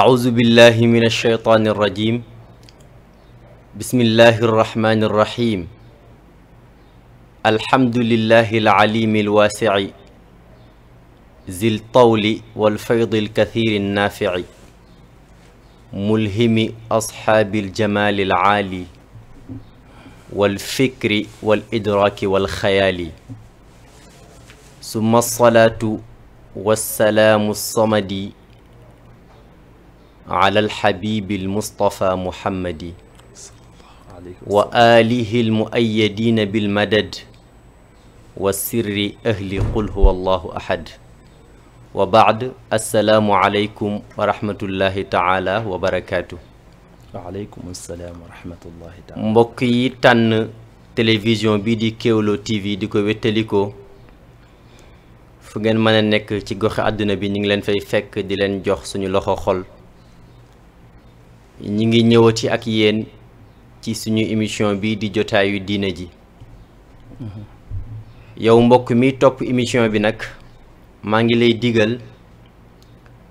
أعوذ بالله من الشيطان الرجيم بسم الله الرحمن الرحيم الحمد لله العليم الواسع ذي الطول والفيض الكثير النافع ملهم أصحاب الجمال العالي والفكر والإدراك والخيال ثم الصلاة والسلام الصمدي على الحبيب المصطفى محمد وآله المؤيدين بالمدد والسر أهل قل هو الله أحد وبعد السلام عليكم ورحمة الله تعالى وبركاته وعليكم السلام ورحمة الله تعالى mbokk yi tànn télévision bi di Kéwoulo TV di ko wéttalikoo fu ngeen mën a nekk ci goxi àdduna bi ñu ngi leen fay fekk di leen jox ñi ngi ñëwati ak yéen ci suñu émission bi di jotaayu diine ji yow mbokk mi topp émission bi nag maa ngi lay digal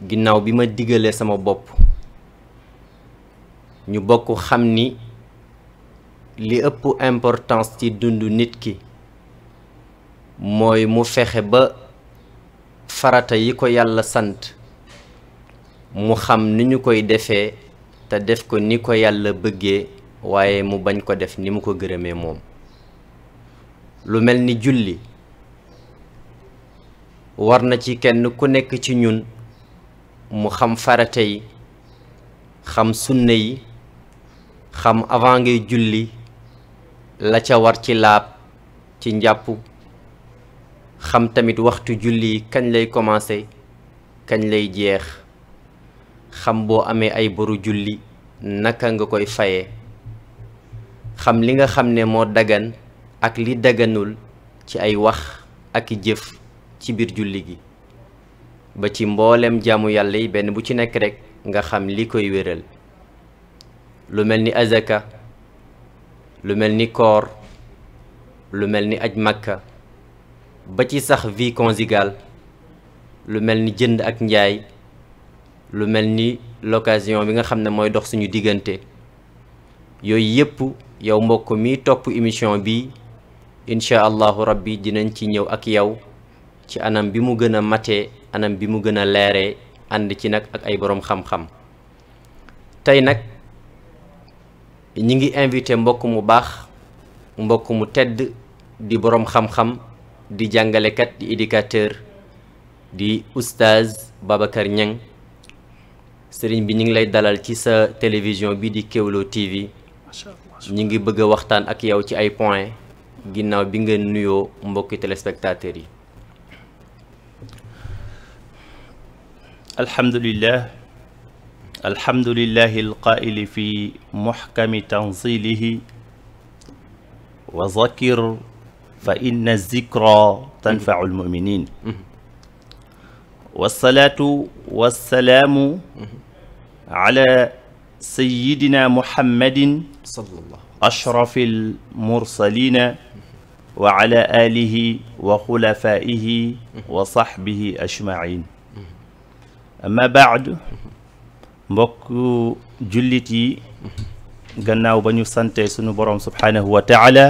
ginnaaw bi ma digalee sama bopp ñu bokk xam ni li ëpp importance ci dundu nit ki mooy mu fexe ba farata yi ko yàlla sant mu xam ni ñu koy defee te def ko ni ko yàlla bëggee waaye mu bañ ko def ni mu ko gërëmee moom lu mel ni julli war na ci kenn ku nekk ci ñun mu xam farata yi xam sunna yi xam avant ngay julli la ca war ci laab ci njàpp xam tamit waxtu julli kañ lay commencé kañ lay jeex xam boo amee ay boru julli naka nga koy faye xam li nga xam ne moo dagan ak li daganul ci ay wax ak jëf ci biir julli gi ba ci mboolem jaamu yàlla yi benn bu ci nekk rekk nga xam li koy wéral lu mel ni azaka lu mel ni koor lu mel ni aj makka ba ci sax vie conjugale lu mel ni jënd ak njaay lu mel ni l'occasion bi nga xam ne mooy dox suñu diggante yooyu yëpp yow mbokk mi topp émission bi incha allahu rabbi dinañ ci ñëw ak yow ci anam bi mu gën a matee anam bi mu gën a leeree ànd ci nag ak ay boroom xam-xam tey nag ñi ngi invité mbokk mu baax mbokk mu tedd di boroom xam-xam di jàngalekat di éducateur di oustaz Babacar Niang sëriñ bi ñu lay dalal ci sa télévision bi di Kéwoulo TV ñu ngi bëgg a waxtaan ak yow ci ay point ginnaaw bi nga nuyoo mbokki téléspectateurs yi alhamdulillah alhamdulillahi alqaili fi muhkami tanzilihi wa zakir fa inna zikra tanfau almuminin والصلاة والسلام على سيدنا محمد صلى الله أشرف المرسلين وعلى آله وخلفائه وصحبه أجمعين أما بعد بك جلتي غناو بنيو سانتي سونو بروم سبحانه وتعالى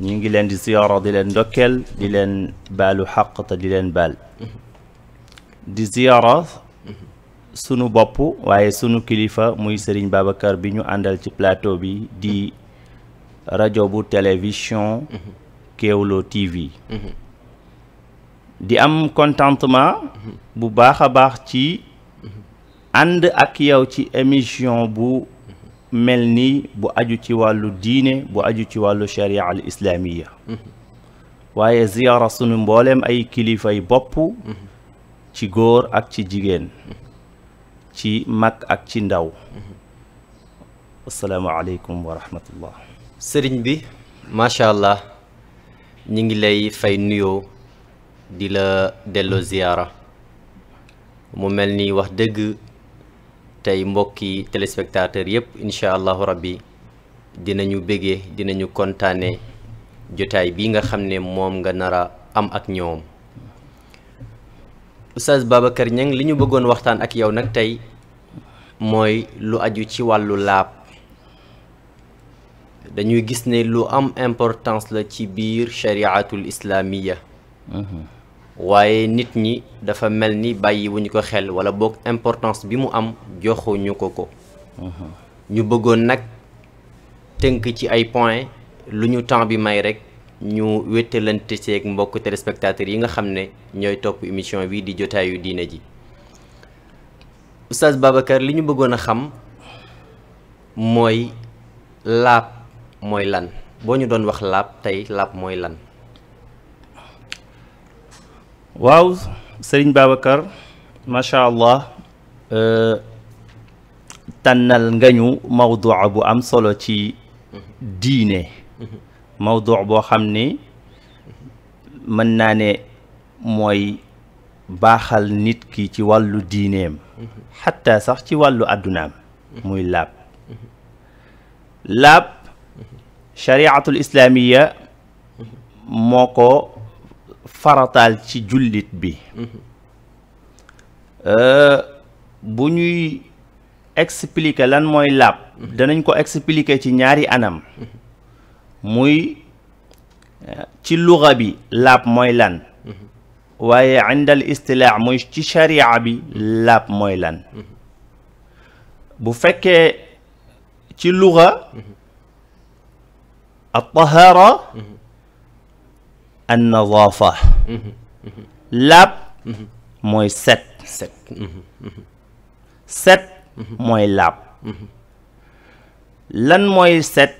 نيغي لين دي زيارة دي لين دوكل دي لين بالو حق دي لين بال دي زيارة sunu bopp waaye sunu kilifa muy Serigne Babacar bi ñu àndal ci plateau bi di rajo bu télévision Kéwoulo TV di am contentement bu baax a baax ci ànd ak yow ci émission bu mel ni bu aju ci wàllu diine bu aju ci wàllu sharia al waaye ziyaara sunu mbooleem ay kilifay bopp ci góor ak ci jigéen ci mag ak ci ndaw asalaamaaleykum wa rahmatullah sëriñ bi macha allah ñu ngi lay fay nuyoo di la delloo ziyaara mu mel ni wax dëgg tey mbokki téléspectateur yépp incha allahu rabbi dinañu bégee dinañu kontaane jotaay bi nga xam ne moom nga nara am ak ñoom baba kër Niang li ñu bëggoon waxtaan ak yow nag tey mooy lu aju ci wàllu laab dañuy gis ne lu am importance la ci biir chariatul islaamiya mhm. waaye nit ñi dafa mel ni bàyyi wuñu ko xel wala boog importance bi mu am joxuñu ko ko mhm. ñu bëggoon nag tënk ci ay point lu ñu temps bi may rek ñu wéttalante seeg mbokk téléspectateurs yi nga xam ne ñooy topp émission bii di jotaayu diine ji oustaz Babacar li ñu bëggoon a xam mooy laab mooy lan boo ñu doon wax laab tey laab mooy lan waaw sëriñ Babacar macha allah euh, tànnal nga ñu mawdua bu am solo ci mhm. diine mhm. mawduu boo xam ne mën naa ne mooy baaxal nit ki ci wàllu diineem xatta sax ci wàllu àddunaam muy laab laab chariatul islaamiya moo ko farataal ci jullit bi euh, bu ñuy expliquer lan mooy laab danañ ko expliquer ci ñaari anam موي تي اللغه بي لاب موي لان واي عند الاستلاع موي تي شريعه بي لاب موي لان بو فك تي اللغه الطهاره النظافه لاب موي ست ست ست موي لاب لان موي ست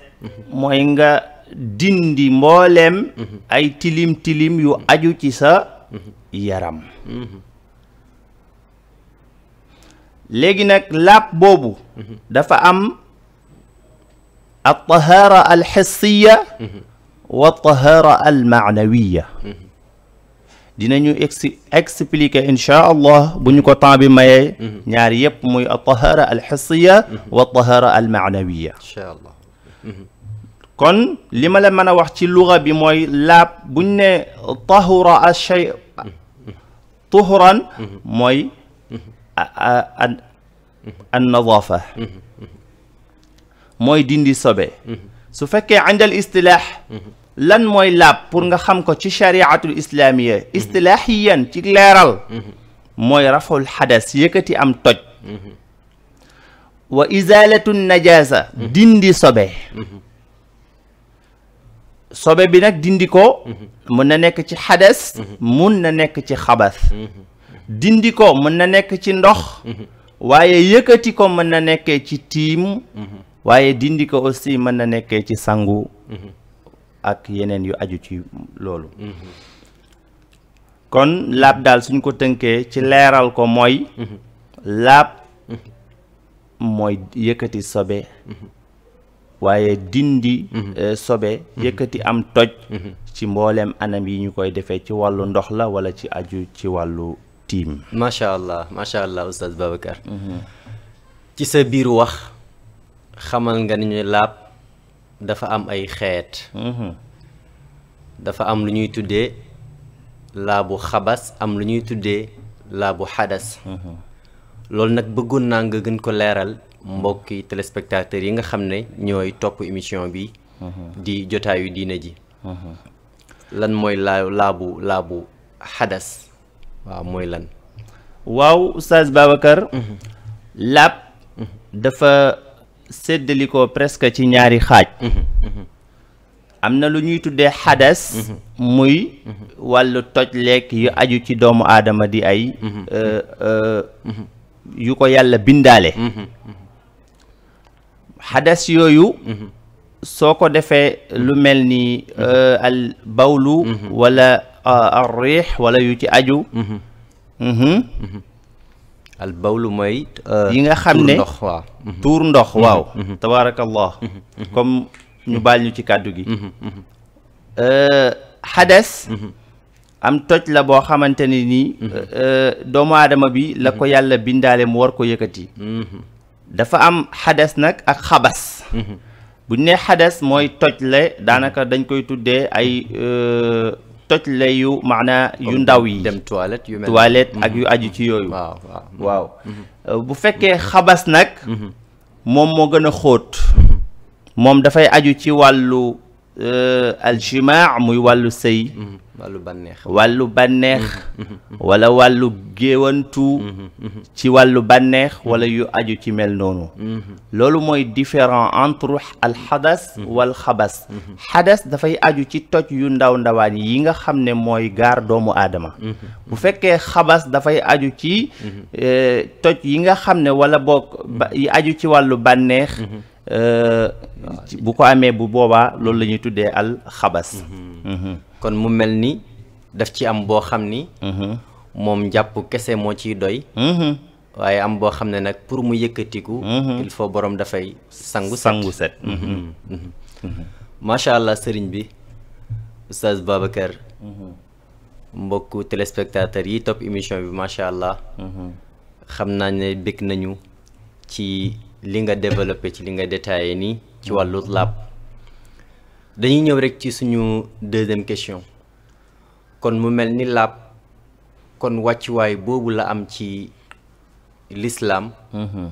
موي nga dindi -hmm. ay tilim tilim yu aju ci sa yaram lap bobu mm -hmm. dafa am at tahara al -hmm. wa at tahara al -hmm. dinañu expliquer insha allah buñu ko temps bi maye ñaar yépp muy at tahara al hissiyya wa at tahara al manawiyya insha allah kon li ma la mën a wax ci luga bi mooy laab buñ ne tahura ashay tuhuran mooy an an mooy dindi sobe su fekkee indal istilaax lan mooy laab pour nga xam ko ci chariatul islaamiya istilaaxiyan ci leeral mooy raful xadas yëkkati am toj wa izalatu najaasa dindi sobe sobe bi nag dindi ko mun mm-hmm. na nekk ci xades mm-hmm. mun na nekk ci xabas mm-hmm. dindi ko mën na nekk ci ndox waaye yëkkati ko mën na nekkee ci tiim waaye dindi ko aussi mën na nekkee ci sangu ak yeneen yu aju ci loolu kon laab daal suñ ko tënkee ci leeral ko mooy laab mooy yëkkati sobe waaye dindi mhm. eh, sobe mhm. yëkkati am toj mhm. ci mbooleem anam yi ñu koy defee ci wàllu ndox la wala ci aju ci wàllu tiim macha allah macha allah oustaz Babacar ci sa biir wax xamal nga ni ñu laab dafa am ay xeet dafa am lu ñuy tuddee laabu xabas am lu ñuy tuddee laabu xadas loolu nag bëggoon naa nga gën ko leeral mbokki téléspectateurs yi nga xam ne ñooy topp émission bi di jotaayu diine ji lan mooy laa laabu laabu xadas waaw mooy lan waaw Oustaz Babacar mhm. laab mhm. dafa séddalikoo presque ci ñaari xaaj mhm. am na lu ñuy tuddee xadas muy wàllu toj lekk yu aju ci doomu aadama di ay euh, euh, yu ko yàlla bindaale xadas yooyu mhm. soo ko defee lu mhm. mel ni mhm. euh, al bawlu wala euh, ar riix wala yu ci aju al bawlu mooy euh, yi nga xam ne tuur ndox waaw tabaarakallah comme ñu bal ñu ci kàddu gi xades am toj la boo xamante ni nii doomu aadama bi la ko yàlla bindaale mu war ko yëkkati dafa am hadas nak ak khabas bu ne hadas moy tojle danaka dañ koy tuddé ay tojle yu maanaa yu ndaw yi dem toilette yu mel toilette ak yu aju ci yoyu waaw waaw bu fekke khabas nak mom mo gëna xoot mom da fay aju ci walu آه، الجماع موي والو سي والو بانيخ والو بانيخ ولا والو جيوانتو تي والو بانيخ ولا يو اديو تي ميل نونو لولو موي ديفيرون انتر الحدث والخبث حدث دا فاي اديو تي توج يو نداو نداوان ييغا خامني موي غار دومو ادم بو فكه خبث دا فاي اديو تي توج ييغا خامني ولا بوك اديو تي والو بانيخ Euh, bu ko amee bu boobaa loolu la ñuy tuddee al xabas mm-hmm. kon mu mel ni daf ci am boo xam ni mm-hmm. moom njàpp kese moo ciy doy mm-hmm. waaye am boo xam ne nag pour mu yëkkatiku il faut borom dafay sangu sangu set macha allah sëriñ bi oustaz Babacar mbokku téléspectateurs yi topp émission bi macha allah xam naa ne bëgg nañu ci li nga développé ci li nga détaillé nii ci wàllu lab dañuy ñëw rek ci suñu deuxième question kon mu mel ni làpp kon wàccuwaay boobu la am ci lislaam mhm.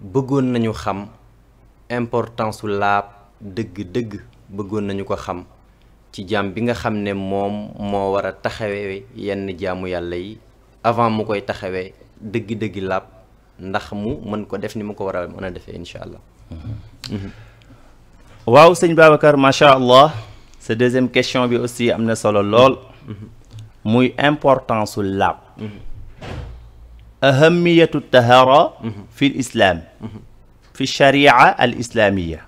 bëggoon nañu xam importance su laab dëgg-dëgg bëggoon nañu ko xam ci jaam bi nga xam ne moom moo war a taxawee yenn jaamu yàlla yi avant mu koy taxawee dëgg-dëgg laab ndax mu mën ko def ni mu ko war a mën a defee incha allah. waaw sëñ Babacar macha allah sa deuxième question bi aussi am na solo lool. muy importance su laab. ahamiyatu tahara. fi islam. fi sharia al islamiya.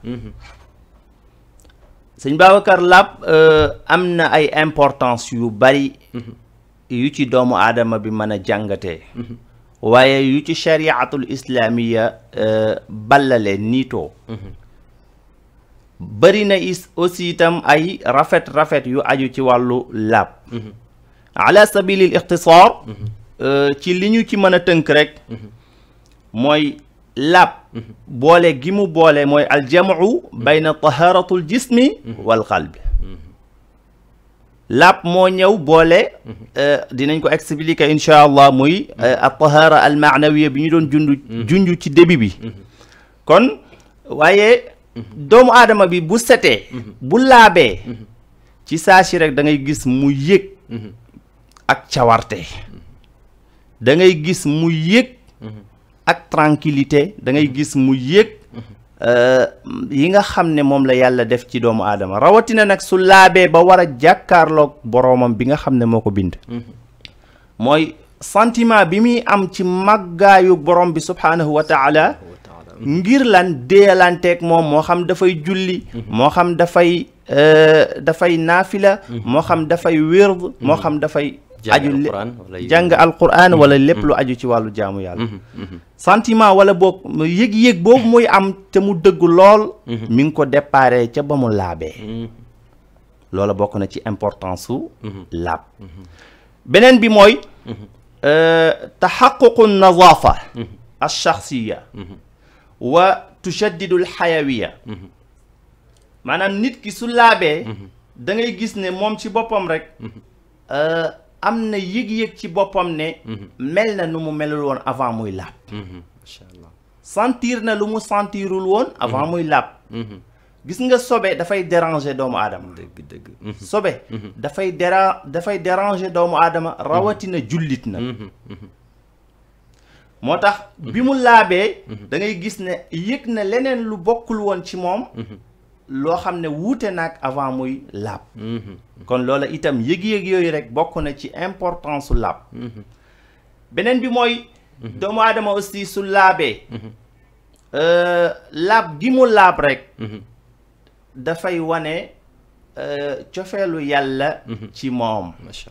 sëñ Babacar laab am na ay importance yu bari. yu ci doomu aadama bi mën a jàngatee. waye yu ci shariatul islamiya balale nito bari na is aussi tam ay rafet rafet yu aju ci walu lab ala sabil al ikhtisar ci liñu ci meuna teunk rek moy lab bolé gimu bolé moy al jam'u bayna taharatul jismi wal qalbi laab moo ñëw boole mhm. euh, dinañ ko expliquer incha allah muy mhm. euh, at-tahara al-ma'nawiya bi ñu doon junj mhm. junj ci début bi kon waaye doomu aadama bi bu setee bu laabee ci saa si rek da ngay gis mu yëg ak cawarte dangay gis mu yëg ak tranquillité da ngay gis mu yég yi nga xam ne moom la yàlla def ci doomu aadama rawatina nag su laabee ba war a jàkkaarloog boroomam bi nga xam ne moo ko bind mooy sentiment bi muy am ci màggaayu borom bi subhaanahu wa ngir lan deelanteeg moom moo xam dafay julli moo xam dafay euh, dafay naafila mm-hmm. moo xam dafay wérd moo xam dafay aju jàng alquran wala mm-hmm. lépp lu mm-hmm. aju ci wàllu jaamu yàlla mm-hmm. sentiment wala boo yëg-yëg boobu muy am te mu dëgg lool mi ngi ko déparé ca ba mu laabee loola bokk na ci importance su laab beneen bi mooy euh, taxaququ nazaafa alchaxsiya wa tushaddidu alxayawiya maanaam nit ki su laabee da gis ne moom ci boppam rek euh, am na yëg-yëg ci boppam ne mhm. mel na nu mu melul woon avant muy laab mhm, macha allah sentir na lu mu sentirul woon avant mhm. muy laab gis nga sobe dafay déranger doomu aadama dëgg dëgg sobe dafay déra doomu aadama rawatina jullit na moo tax bi mu laabee da ngay gis ne yëg na leneen lu bokkul woon ci moom loo xam ne wuute naag avant muy laab mhm. kon loola itam yëg-yëg yooyu rek bokk na ci importance su laab mhm. beneen bi mooy mhm. doomu aadama aussi su laabee euh, laab gi mu laab rek dafay wane euh, cofeelu yàlla ci moom macha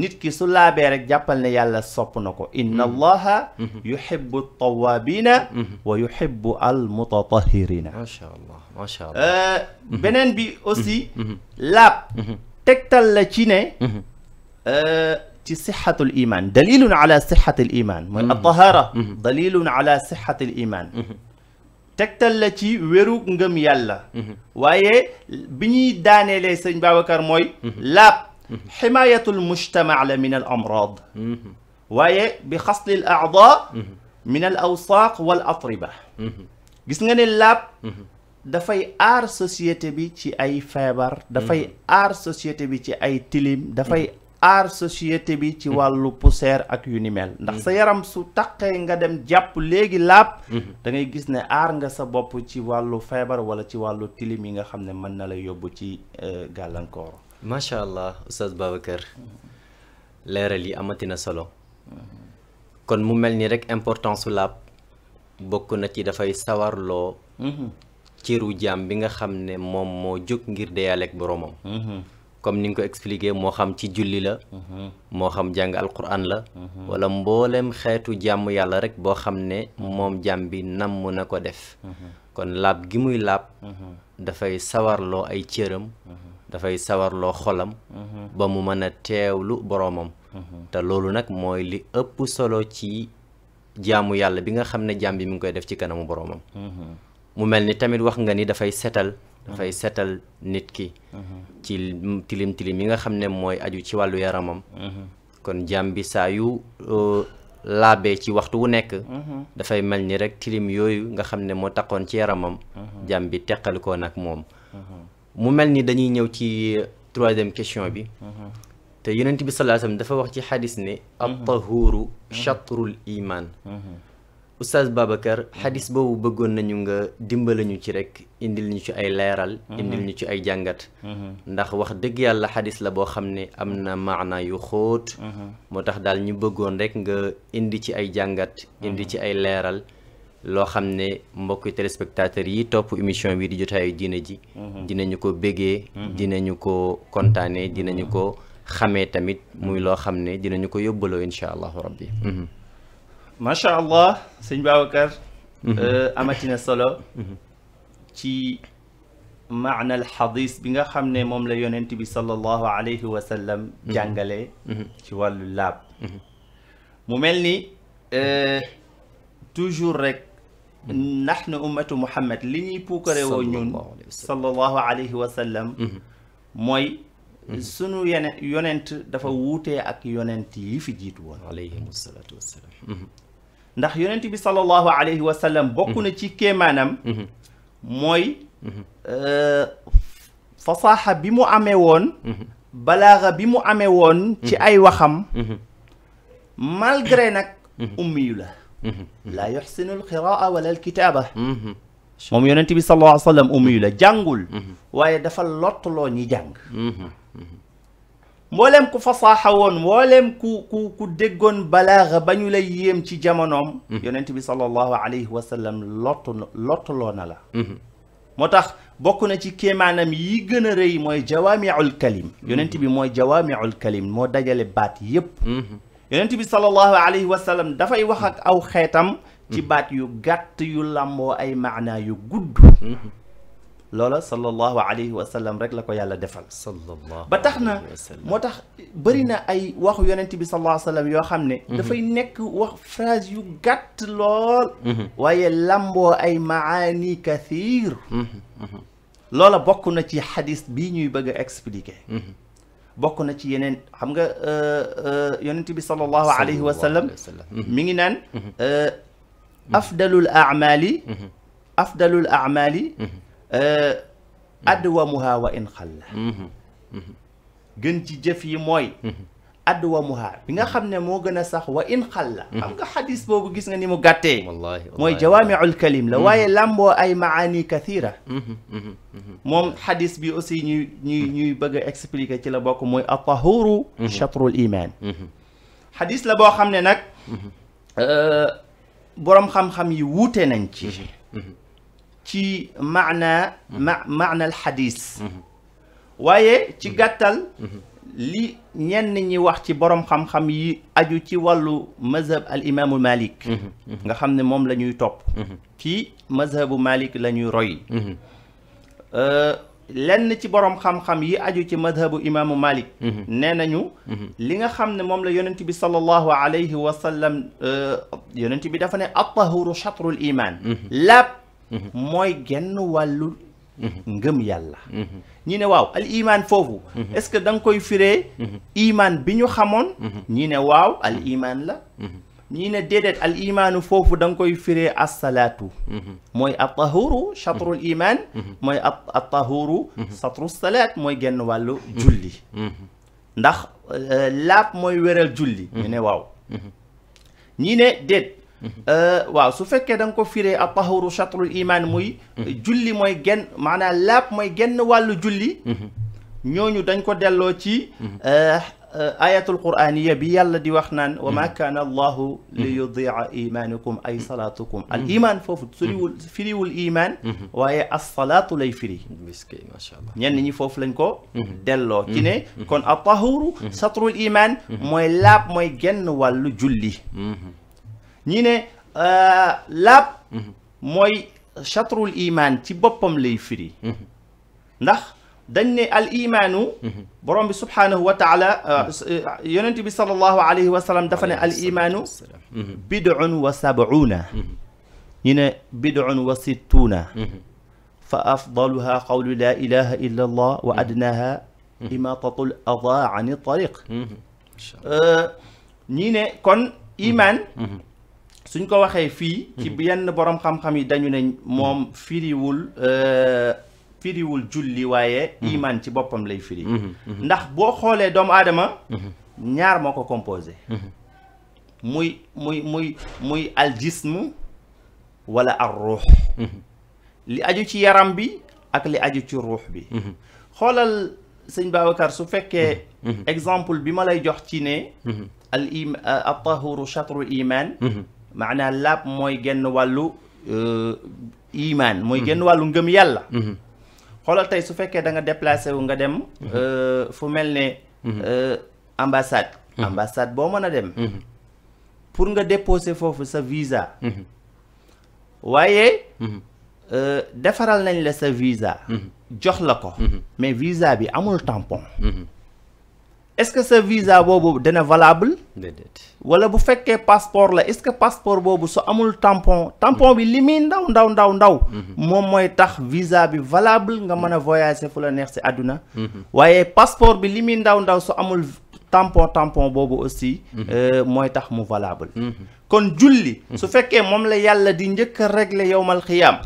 nit ki su laabee rek jàppal ne yàlla sopp na ko inna mm-hmm. allaha mm-hmm. yuhibbu tawabina mm-hmm. wa yuhibbu al mutatahirina macha allah macha allah euh, beneen bi aussi laab tegtal la ci ne euh, ci sixatul iman dalilun ala sixatil iman mooy altahara dalilun ala sixatil iman tegtal la ci wéru ngëm yàlla waaye bi ñuy daaneelee sëñ Babacar mooy laab حماية المجتمع من الأمراض وي بخصل الأعضاء من الأوساق والأطربة جسنا اللاب دفاي آر سوسيتي بي تي أي فيبر دفاي آر سوسيتي بي تي أي تليم دفاي آر سوسيتي بي تي والو بوسير أك يونيمل نحن سيارم سو تقي نغا دم جاب لغي لاب دنجي جسنا آر نغا سبوبو تي والو فيبر ولا تي والو تليم نغا خمنا من نلا يوبو تي غالان كورو macha allah oustaz Babacar leeral yi amatina solo kon mu mel ni rek importance su laab bokk na ci dafay sawarloo cëru jaam bi nga xam ne moom moo jóg ngir deyaaleeg boroomam comme ni nga ko expliqué moo xam ci julli la moo xam jàng alquran la walla mbooleem xeetu jàmm yàlla rek boo xam ne moom jàmm bi namm na ko def kon laab gi muy laab dafay sawarloo ay cëram sawar sawar xolam mhm. ba mu mën a teewlu boroomam mhm. te loolu nak li epp solo ci jaamu yalla bi nga xamne ne bi mi ngi koy def ci kanamu mhm. mu mel tamit wax nga ni fay setal fay setal nit ki ci tilim tilim yi nga xamne moy aju ci walu yaramam kon jambi bi saa labe ci waxtu wu da mel melni rek tilim yoyu nga xamne mo takkon ci yaramam jaam bi tekkal ko nak mom mu mel ni dañuy ñëw ci troisième question bi te yonent bi sallallahu alayhi wasallam dafa wax ci xadis ne at-tahuru chatrul iman oustaz Babacar xadis boobu bëggoon nañu nga dimbalañu ci rek indil ñu ci ay leeral indil ñu ci ay jàngat ndax wax dëgg yàlla xadis la boo xam ne am na maana yu xóot moo tax daal ñu bëggoon rek nga indi ci ay jàngat indi ci ay leeral lo xamne mbokk téléspectateurs yi top émission bi di jotay diine ji dinañu ko bégee dinañu ko contané dinañu ko xamé tamit muy lo xamné dinañu ko yobbalo inshallah rabbi ma sha allah sëñ Babacar amatina solo ci معنى الحديث بيغا خامني موم لا ne بي صلى الله عليه وسلم جانغالي wa والو لاب مو ملني ا توجور ريك nahnu ummatu muhammad li ñuy puukare woo ñun sallallahu alayhi wa mooy sunu yene yonent dafa wuutee ak yonent yi fi jiitu woon alayhim ndax yonent bi sallallahu alayhi wa sallam na ci kéemaanam mooy euh, fasaaxa bi mu amee woon balaaxa bi mu amee woon ci ay waxam malgré nag ummiyu la laa yuxsinu alqiraa wala alkitaaba moom yonent bi sallallahu alayhi wa sallam la jàngul mm-hmm. waaye dafa lottuloo ñi jàng mm-hmm. mm-hmm. mbooleem ku fasaaxa woon mbooleem ku ku ku déggoon balaaxa ba ñu lay yéem ci jamonoom yonent bi sallallahu alayhi wa sallam lottu moo tax bokk na ci kéemaanam yi gën a rëy mooy jawaamiul kalim yonent bi mooy jawaamiul kalim moo dajale baat yépp yonent bi sallallahu alayhi wa sallam dafay wax ak aw xeetam ci mm-hmm. baat yu gàtt yu làmboo ay maanaa yu gudd mm-hmm. loola sallallahu alayhi wa sallam rek la ko yàlla defal ba tax na moo tax bëri na ay mm-hmm. waxu yonent bi sallallahu alayhi wa sallam yoo xam ne dafay nekk wax phrase yu gàtt lool waaye làmboo ay maani kathiir loola bokk na ci xadis bii ñuy bëgg a expliquer bokk na ci yeneen xam nga euh, euh, yonent bi sallallahu alayhi wa sallam mhm. mi ngi naan mhm. euh, afdalul amali mhm. afdalul amali adwamuha wa in xalla gën ci jëf yi mooy add wa muhaa bi nga mm. xam ne moo gën a sax wa in xal la mm. xam xadis boobu gis nga ni mu gàttee mooy jawaamiul kalim la mm. waaye làmboo ay maani kathira mm-hmm, mm-hmm, mm-hmm. moom xadis bi aussi ñuy ñuy ñuy bëgg a expliquer ci la bokk mooy at-tahuru chatrul xadis la boo xam ne nag euh, boroom xam-xam yi wuute nañ ci ci maana ma maana al waaye ci gàttal li ñenn ñi wax ci borom xam-xam yi aju ci wàllu mazhab al imaamu Malik mhm, mhm. nga xam ne moom la ñuy topp mhm. ci mazhabu Malik la ñuy roy euh, lenn ci borom xam-xam yi aju ci madhabu imaamu Malik nee nañu li nga xam ne moom la yonent bi sallallahu alayhi wa sallam euh, yonent bi dafa ne attahuru chatrul iman laab mooy genn wàllu ngëm yàlla ñi ne waw al iman fofu est-ce que dang koy firé iman biñu xamone ñi ne waw al iman la ñi ne dedet al dang koy firé as salatu moy at tahuru attahuru al iman mooy a attahuru satru salat moy genn walu julli ndax lap moy wéral julli ñi ne waw ñi ne dedet waaw su fekkee da nga ko firee a tahuru chatrul iman muy julli mooy genn maanaam laab mooy genn wàllu julli ñooñu dañ ko delloo ci ayatul qur'aniya bi yàlla di wax naan wa ma kaana allahu li yudia imaanakum ay salaatukum al iman foofu suriwul firiwul iman waaye as salaatu lay firi ñenn ñi foofu lañ ko delloo ci ne kon a tahuru chatrul iman mooy laab mooy genn wàllu julli ñi ne moy mooy al iman ci bopam lay firi ndax dañ ne al iman borom bi subhanahu wa taala yonent bi sallallahu alayhi wa sallam dafa ne al iman bidun wa sab'una ñine bidun wa sittuna fa afdaluha qawlu laa ilaha illa allah wa adnaha imaatatul adaa ani tariq ñi kon imaan suñ ko waxé fi ci yenn borom xam-xam yi dañu ne moom firiwul firiwul julli wayé iman ci bopam lay firi ndax bo xolé doomu adama ñaar moko composé muy muy muy muy al jism wala ar ruh li aju ci yaram bi ak li aju ci ruh bi xolal seigne Babacar su fekke exemple bi ma lay jox ci ne al im at tahuru chatrul iman maanaa laab mooy genn wàllu euh, imaan mooy mm-hmm. genn wàllu ngëm yàlla mm-hmm. xoolal tey su fekkee da nga déplacé wu nga dem mm-hmm. euh, fu mel ne euh, ambassade ambassade boo mën a dem pour nga déposer foofu sa visa waaye defaral nañ la sa visa jox la ko mais visa bi amul tampon est-ce que sa visa boobu dana valable. déedéet wala bu fekkee passeport la est-ce que passeport boobu su amul tampon. tampon bi li muy ndaw ndaw ndaw ndaw. Mhm. moom mooy tax visa bi valable nga mën a mhm. voyager fu la neex ci àdduna. Mhm. waaye passeport bi li muy ndaw ndaw su amul tampon tampon boobu aussi. Euh, mooy tax mu valable. kon julli. su fekkee moom la yàlla di njëkk a régler yowmal xiyaam.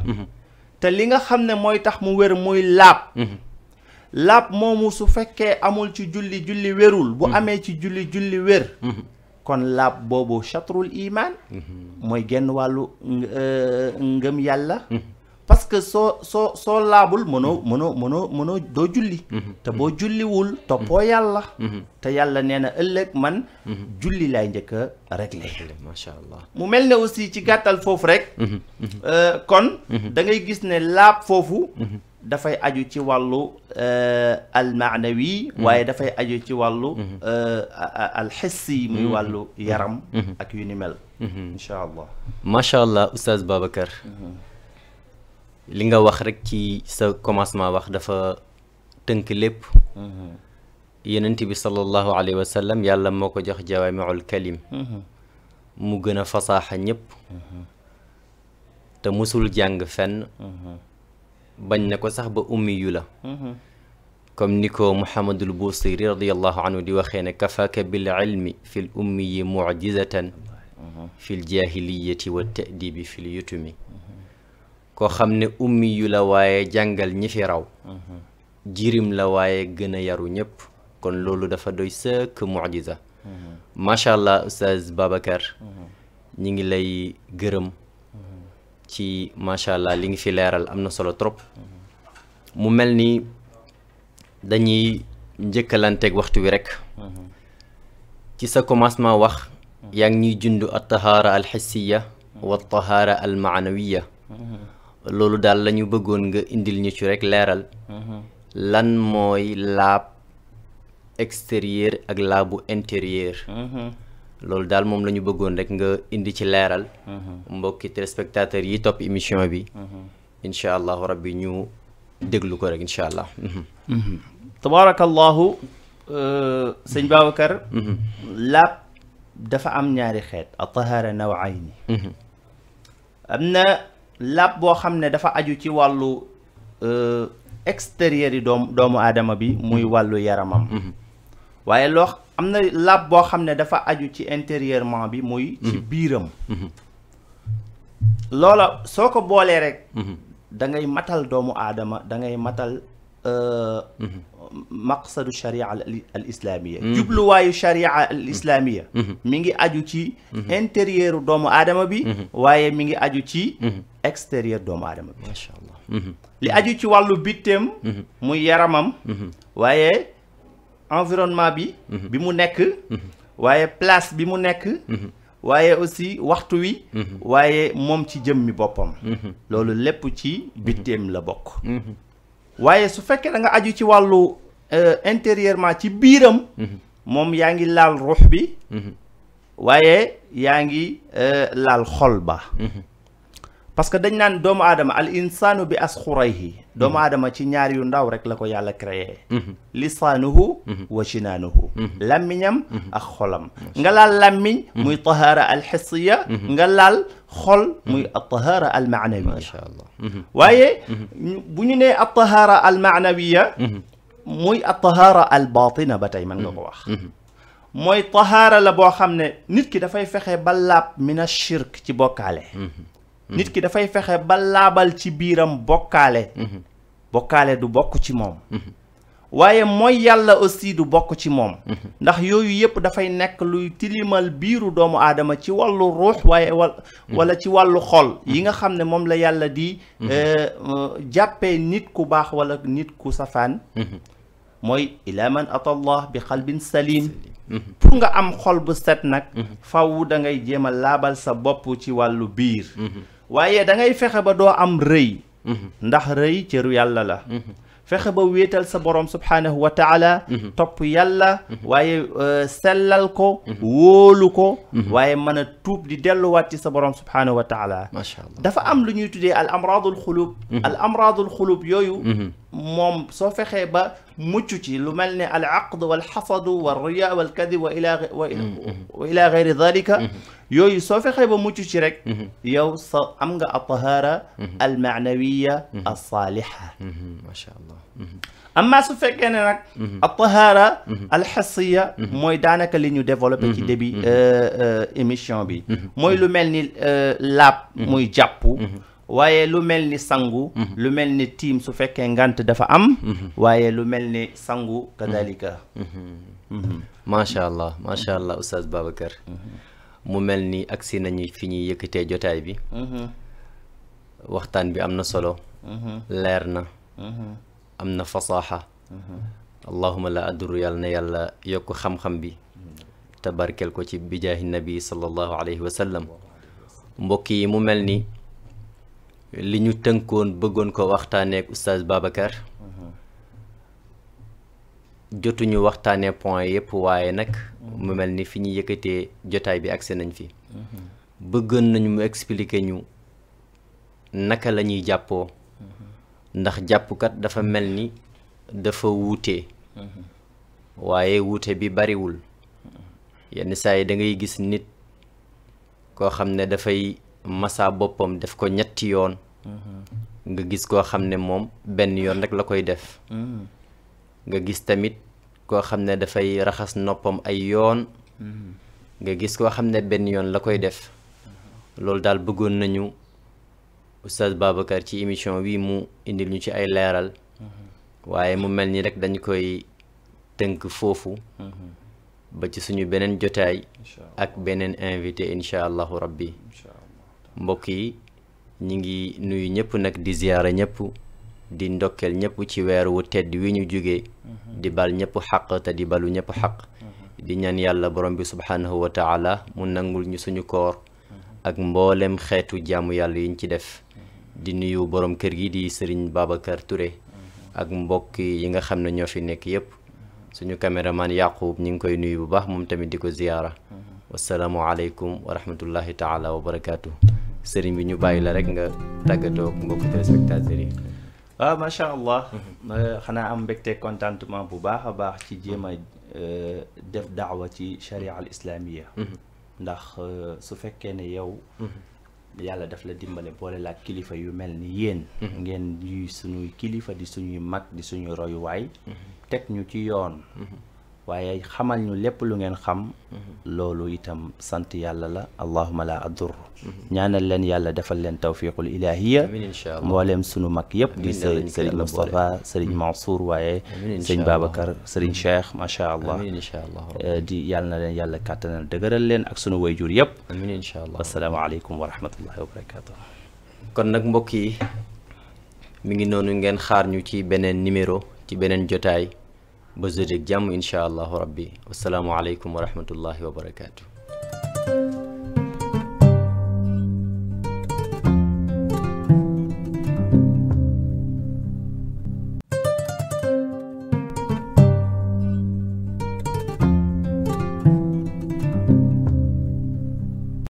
te li nga xam ne mooy tax mu wér muy laab. laab moomu su fekkee amul ci julli julli wérul bu mhm. amee ci julli julli wér mhm. kon laab boobu chatrul iman mhm. mooy genn wàllu euh, ngëm yàlla parce que soo soo soo laabul mënoo mënoo mënoo mënoo doo julli te boo julliwul toppoo yàlla te yàlla nee na ëllëg man julli laay njëkk a réglé mu mel ni aussi ci gàttal foofu rek euh, kon da ngay gis ne laab foofu dafay aju ci wàllu euh, almaanawi mm-hmm. waaye dafay aju ci wàllu mm-hmm. euh, alxissi muy mm-hmm. wàllu yaram ak yu ni mel incha allah macha allah oustaz li nga wax rek ci sa commencement wax dafa tënk lépp yenent bi sallallahu alayhi wa sallam yàlla moo ko jox jawaamiul kalim mu gën a fasaaxa ñépp te musul jàng fenn bañ na ko sax ba ummi yu la mm-hmm. comme ni ko Muhammadul Buusiri radiyallahu anhu di waxee ne kafaaka bil ilmi fil ummiyi mucjizatan mm-hmm. fil jaahiliyati wa ta'dibi fil yutumi koo xam ne ummi yu la waaye jàngal ñi fi raw mm-hmm. jirim la waaye gën a yaru ñëpp kon loolu dafa doy sëkk mucjiza macha allah ustaz Babacar ñi ngi lay gërëm ci macha allah li ngi fi leeral am na solo trop mu mel ni dañuy njëkkalanteek waxtu wi rek ci sa commencement wax yaa ngi ñuy jund al tahaara al xissiya wa tahaara al maanawiya loolu daal lañu bëggoon nga indil ñu ci rek leeral lan mooy laab extérieur ak laabu intérieur loolu daal moom la ñu bëggoon rek nga indi ci leeral mhm. mbokki téléspectateurs yi topp émission bi mhm. incha allahu rabbi ñu déglu ko rek incha allah mhm. tabaarakallahu euh, sëñ Babacar laab dafa am ñaari xeet a tahaara nawayni am na laab boo xam ne dafa aju ci wàllu euh, extérieur yi doom doomu aadama bi muy wàllu yaramam waaye loo am na laab boo xam ne dafa aju ci intérieurement bi muy mhm. ci biiram mhm. loola soo ko boolee rek mhm. da ngay matal doomu aadama da ngay matal euh, maqsadu sharia al islaamiya jubluwaayu sharia al islaamiya mi ngi aju ci intérieur doomu aadama bi waaye mi ngi aju ci extérieur doomu aadama bi macha allah li aju ci wàllu bitteem muy yaramam waaye environnement bi. Mhm. bi mu nek mhm. waye place bi mu nek mhm. waye aussi waxtu wi. waye mom ci mi bopam loolu lepp ci bitteem la bok waye su fekkee da nga aju ci wàllu euh, intérieurement ci biram mom yaangi laal bi. waye yaangi euh, xol ba. parce que dañ naan doomu aadama al insaanu bi asxurayhi doomu aadama ci ñaar yu ndaw rek la ko yàlla créé lisaanuhu wa jinaanuhu làmmiñam ak xolam nga laal làmmiñ muy tahaara al xisiya nga laal xol muy tahaara al maanawiya masha allah waaye bu ñu nee al tahaara al maanawiya muy al tahaara al baatina ba tey mën nga ko wax mooy tahara la boo xam ne nit ki dafay fexe ba laab min ashirk ci bokkaale nit ki da fay fexe ba label ci biram bokalé bokalé du bok ci mom waye moy yàlla aussi du bok ci mom ndax yooyu yëpp fay nek luy tilimal biru doomu adama ci walu ruh waye wala ci walu xol yi nga xamne mom la yàlla di euh jappé nit ku bax wala nit ku safaan moy ila man atallah bi qalbin salim pour nga am xol bu set nak faw da ngay jema label sa bop ci walu bir waye da ngay fexe ba do am reuy ndax reuy ci ru yàlla la fexe ba wétal sa borom subhanahu wa taala top yàlla waye selal ko wolu ko waye mana a tuub di delluwaat ci sa borom subhanahu wa taala macha allah dafa am lu ñuy tuddé al amradul khulub al amradul khulub yoyu mom so fexé ba مجتي لملنا العقد والحفظ والرياء والكذب والى والى, غير ذلك يو يوسف خيب مجتي رك يو امغا الطهاره المعنويه الصالحه ما شاء الله اما سوفيك انك الطهاره الحسيه موي دانك لي نيو ديفلوبي كي ديبي ايميشن بي موي لو ملني لاب موي جابو waaye lu mel ni sangu mhm. lu mel ni tiim su fekkee ngant dafa am mhm. waaye lu mel ni sangu kadalika mhm. macha allah macha allah oustaz Babacar mu mel ni agsi nañu fi ñuy yëkkatee jotaay bi waxtaan bi am na solo leer na am na fasaaxa allahuma la aduru yàlla na yàlla yokk xam-xam bi tabarkel ko ci bijaahi nabi sallallahu alayhi wa sallam mu mel ni li ñu tënkoon bëggoon ko waxtaanee ak oustaz jotuñu waxtaanee point yëpp waaye nag mu mel ni fi ñu yëkkatee jotaay bi agsi nañ fi bëggoon nañu mu expliquer ñu naka lañuy jàppoo ndax jàppkat dafa mel ni dafa wuute waaye wuute bi bariwul yenn saa yi da gis nit koo xam ne dafay masaa boppam def ko ñetti yoon nga gis koo xam ne moom benn yoon rek la koy def nga gis tamit koo xam ne dafay raxas noppam ay yoon nga gis koo xam ne benn yoon la koy def loolu daal bëggoon nañu oustaz Babacar ci émission wi mu indil ñu ci ay leeral waaye mu mel ni rek dañu koy tënk foofu ba ci suñu beneen jotaay ak beneen invité incha allahu rabbi mbokk yi ñi ngi nuyu ñëpp nag di ziyaara ñëpp di ndokkeel ñëpp ci weer wu tedd wi ñu jógee mhm. di bal ñëpp xaq te di balu ñëpp xaq mhm. di ñaan yàlla borom bi subhaanahu wa taala mu nangul ñu suñu koor mhm. ak mboolem xeetu jàmm yàlla yiñ ci def di nuyu borom kër gi di sëriñ Babacar ture ak mbokk yi nga xam ne ñoo fi nekk yëpp suñu caméraman Yaqub ñu ngi koy nuyu bu baax moom tamit di ko ziyaara wasalaamualeykum wa rahmatullahi taala wa barakaatu. sëriñ bi ñu bàyyi la rek nga tàggatoo ak mbokku téléspectateurs yi. waaw ah, macha allah. xanaa am mbégte contentement bu baax a baax ci jéem a euh, def daawa ci charia al islamiya. ndax euh, su fekkee ne yow. yàlla daf la dimbale boole la kilifa yu mel ni yéen. ngeen yuy suñuy kilifa di suñuy mag di suñu royuwaay. teg ñu ci yoon. waaye xamal ñu lépp lu ngeen xam loolu itam sant yàlla la allahuma la adur ñaanal leen yàlla defal leen tawfiqul ilahiya mbooleem sunu mag yëpp di sëriñ Moustapha sëriñ Mansour waaye sëriñ Babacar sëriñ Cheikh macha allah di yàlla na leen yàlla kàttanal dëgëral leen ak sunu wayjur yëpp amiin incha allah asalaamaaleykum wa rahmatullahi wa barakatuh kon nag mbokk yi mi ngi noonu ngeen xaar ñu ci beneen numéro ci beneen jotaay بزرگ جمع إن شاء الله ربي والسلام عليكم ورحمة الله وبركاته